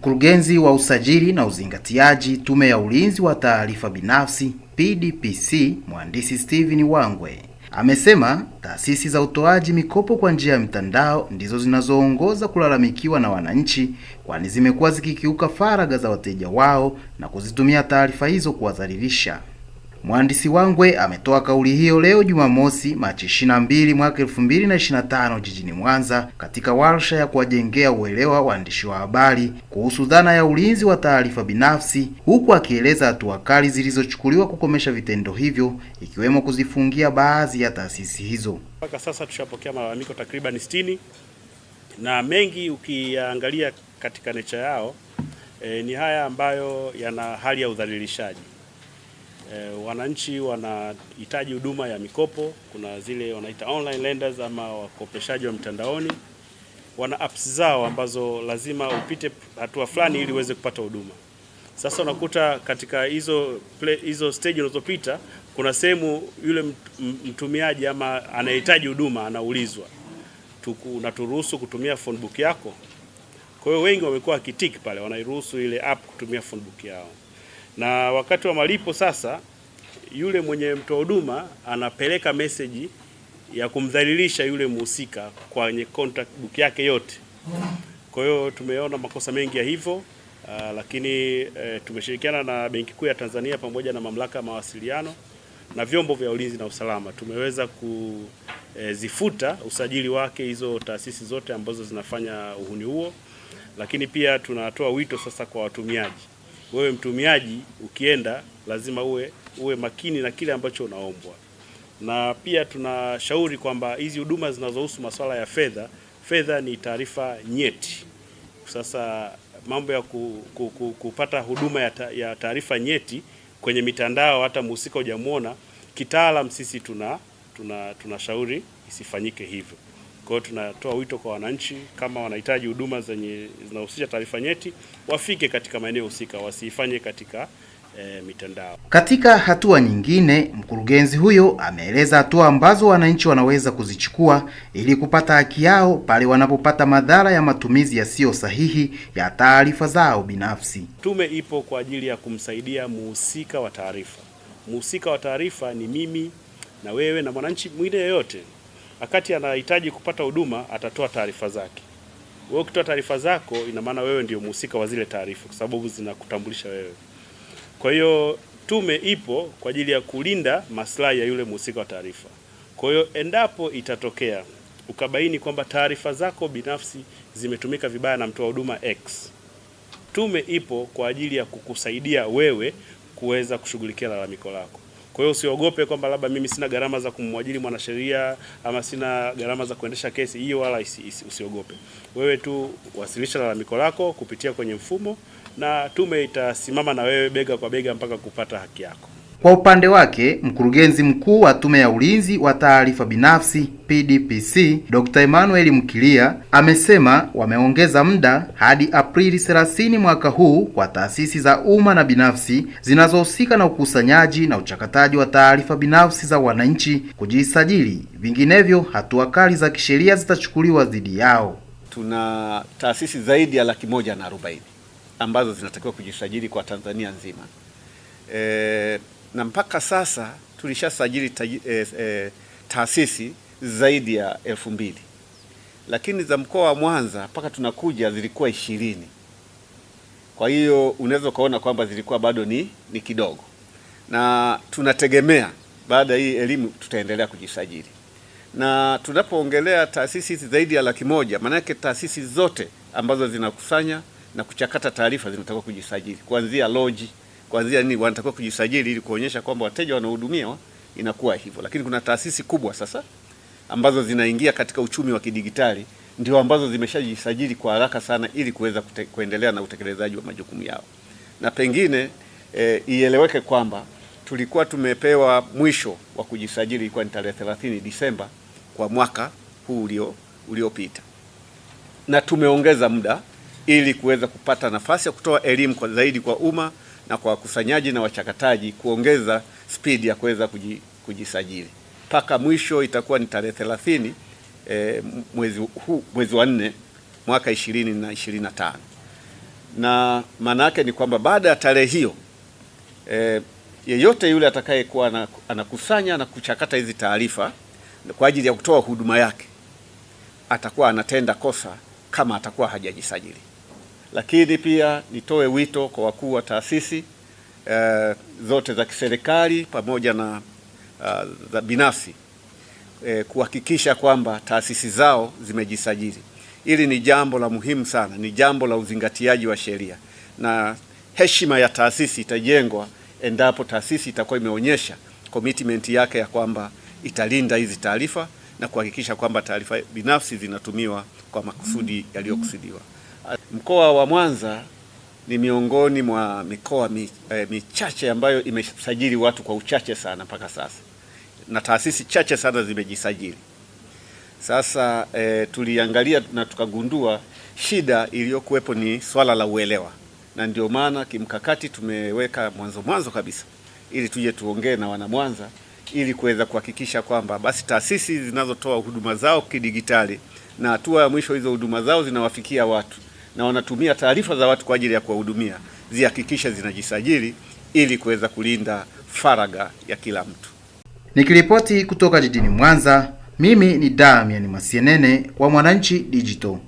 Mkurugenzi wa usajili na uzingatiaji Tume ya Ulinzi wa Taarifa Binafsi PDPC, Mhandisi Steven Wangwe amesema taasisi za utoaji mikopo kwa njia ya mitandao ndizo zinazoongoza kulalamikiwa na wananchi, kwani zimekuwa zikikiuka faragha za wateja wao na kuzitumia taarifa hizo kuwadhalilisha. Mhandisi Wangwe ametoa kauli hiyo leo Jumamosi, Machi 22 mwaka 2025 jijini Mwanza katika warsha ya kuwajengea uelewa waandishi wa habari kuhusu dhana ya ulinzi wa taarifa binafsi, huku akieleza hatua kali zilizochukuliwa kukomesha vitendo hivyo ikiwemo kuzifungia baadhi ya taasisi hizo. Mpaka sasa tushapokea malalamiko takriban 60 na mengi ukiangalia katika necha yao e, ni haya ambayo yana hali ya udhalilishaji E, wananchi wanahitaji huduma ya mikopo. Kuna zile wanaita online lenders ama wakopeshaji wa mtandaoni, wana apps zao ambazo lazima upite hatua fulani ili uweze kupata huduma. Sasa unakuta katika hizo hizo stage unazopita, kuna sehemu yule mtumiaji ama anayehitaji huduma anaulizwa, unaturuhusu kutumia phone book yako? Kwa hiyo wengi wamekuwa wakitiki pale, wanairuhusu ile app kutumia phone book yao na wakati wa malipo sasa, yule mwenye mtoa huduma anapeleka meseji ya kumdhalilisha yule mhusika kwenye contact book yake yote. Kwa hiyo tumeona makosa mengi ya hivyo. Uh, lakini uh, tumeshirikiana na Benki Kuu ya Tanzania pamoja na Mamlaka ya Mawasiliano na vyombo vya ulinzi na usalama tumeweza kuzifuta eh, uh, usajili wake hizo taasisi zote ambazo zinafanya uhuni huo, lakini pia tunatoa wito sasa kwa watumiaji wewe mtumiaji ukienda lazima uwe, uwe makini na kile ambacho unaombwa, na pia tunashauri kwamba hizi huduma zinazohusu masuala ya fedha, fedha ni taarifa nyeti. Sasa mambo ya ku, ku, ku, kupata huduma ya taarifa nyeti kwenye mitandao hata mhusika hujamuona, kitaalam sisi tuna tunashauri tuna isifanyike hivyo. Kwa hiyo tunatoa wito kwa wananchi, kama wanahitaji huduma zenye zinahusisha taarifa nyeti, wafike katika maeneo husika, wasiifanye katika E, mitandao. Katika hatua nyingine, mkurugenzi huyo ameeleza hatua ambazo wananchi wanaweza kuzichukua ili kupata haki yao pale wanapopata madhara ya matumizi yasiyo sahihi ya taarifa zao binafsi. Tume ipo kwa ajili ya kumsaidia muhusika wa taarifa. Muhusika wa taarifa ni mimi na wewe na mwananchi mwingine yeyote wakati anahitaji kupata huduma atatoa taarifa zake. Wewe ukitoa taarifa zako, ina maana wewe ndio mhusika wa zile taarifa, kwa sababu zinakutambulisha wewe. Kwa hiyo tume ipo kwa ajili ya kulinda maslahi ya yule mhusika wa taarifa. Kwa hiyo endapo itatokea ukabaini kwamba taarifa zako binafsi zimetumika vibaya na mtoa huduma X, tume ipo kwa ajili ya kukusaidia wewe kuweza kushughulikia lalamiko lako. Kwa hiyo usiogope kwamba labda mimi sina gharama za kumwajiri mwanasheria ama sina gharama za kuendesha kesi hiyo, wala usiogope. Wewe tu wasilisha lalamiko lako kupitia kwenye mfumo na tume itasimama na wewe bega kwa bega mpaka kupata haki yako. Kwa upande wake, mkurugenzi mkuu wa Tume ya Ulinzi wa Taarifa Binafsi PDPC, Dr. Emmanuel Mkilia amesema wameongeza muda hadi Aprili 30 mwaka huu kwa taasisi za umma na binafsi zinazohusika na ukusanyaji na uchakataji wa taarifa binafsi za wananchi kujisajili, vinginevyo hatua kali za kisheria zitachukuliwa dhidi yao. Tuna taasisi zaidi ya laki moja na arobaini ambazo zinatakiwa kujisajili kwa Tanzania nzima e na mpaka sasa tulishasajili e, e, taasisi zaidi ya elfu mbili lakini za mkoa wa Mwanza mpaka tunakuja zilikuwa ishirini. Kwa hiyo unaweza ukaona kwamba zilikuwa bado ni, ni kidogo, na tunategemea baada ya hii elimu tutaendelea kujisajili, na tunapoongelea taasisi hizi zaidi ya laki moja maana yake taasisi zote ambazo zinakusanya na kuchakata taarifa zinatakiwa kujisajili kuanzia loji kwa nini wanatakiwa kujisajili ili kuonyesha kwamba wateja wanahudumiwa, inakuwa hivyo. Lakini kuna taasisi kubwa sasa ambazo zinaingia katika uchumi wa kidigitali ndio ambazo zimeshajisajili kwa haraka sana ili kuweza kuendelea na utekelezaji wa majukumu yao, na pengine e, ieleweke kwamba tulikuwa tumepewa mwisho wa kujisajili ilikuwa ni tarehe 30 Disemba kwa mwaka huu ulio uliopita, na tumeongeza muda ili kuweza kupata nafasi ya kutoa elimu kwa zaidi kwa umma na kwa wakusanyaji na wachakataji kuongeza spidi ya kuweza kujisajili. Mpaka mwisho itakuwa ni tarehe 30 eh, mwezi huu mwezi wa nne mwaka 2025 na maana yake ni kwamba baada ya tarehe hiyo eh, yeyote yule atakayekuwa anakusanya na kuchakata hizi taarifa kwa ajili ya kutoa huduma yake atakuwa anatenda kosa kama atakuwa hajajisajili lakini pia nitoe wito kwa wakuu wa taasisi eh, zote za kiserikali pamoja na eh, za binafsi eh, kuhakikisha kwamba taasisi zao zimejisajili. Hili ni jambo la muhimu sana, ni jambo la uzingatiaji wa sheria na heshima ya taasisi itajengwa endapo taasisi itakuwa imeonyesha commitment yake ya kwamba italinda hizi taarifa na kuhakikisha kwamba taarifa binafsi zinatumiwa kwa makusudi yaliyokusudiwa. Mkoa wa Mwanza ni miongoni mwa mikoa eh, michache ambayo imesajili watu kwa uchache sana mpaka sasa, na taasisi chache sana zimejisajili. Sasa e, tuliangalia na tukagundua shida iliyokuwepo ni swala la uelewa, na ndio maana kimkakati tumeweka mwanzo mwanzo kabisa ili tuje tuongee na wanamwanza ili kuweza kuhakikisha kwamba basi taasisi zinazotoa huduma zao kidigitali na hatua ya mwisho hizo huduma zao zinawafikia watu na wanatumia taarifa za watu kwa ajili ya kuwahudumia zihakikishe zinajisajili ili kuweza kulinda faragha ya kila mtu. Nikiripoti kutoka jijini Mwanza, mimi ni Damian Masienene wa Mwananchi Digital.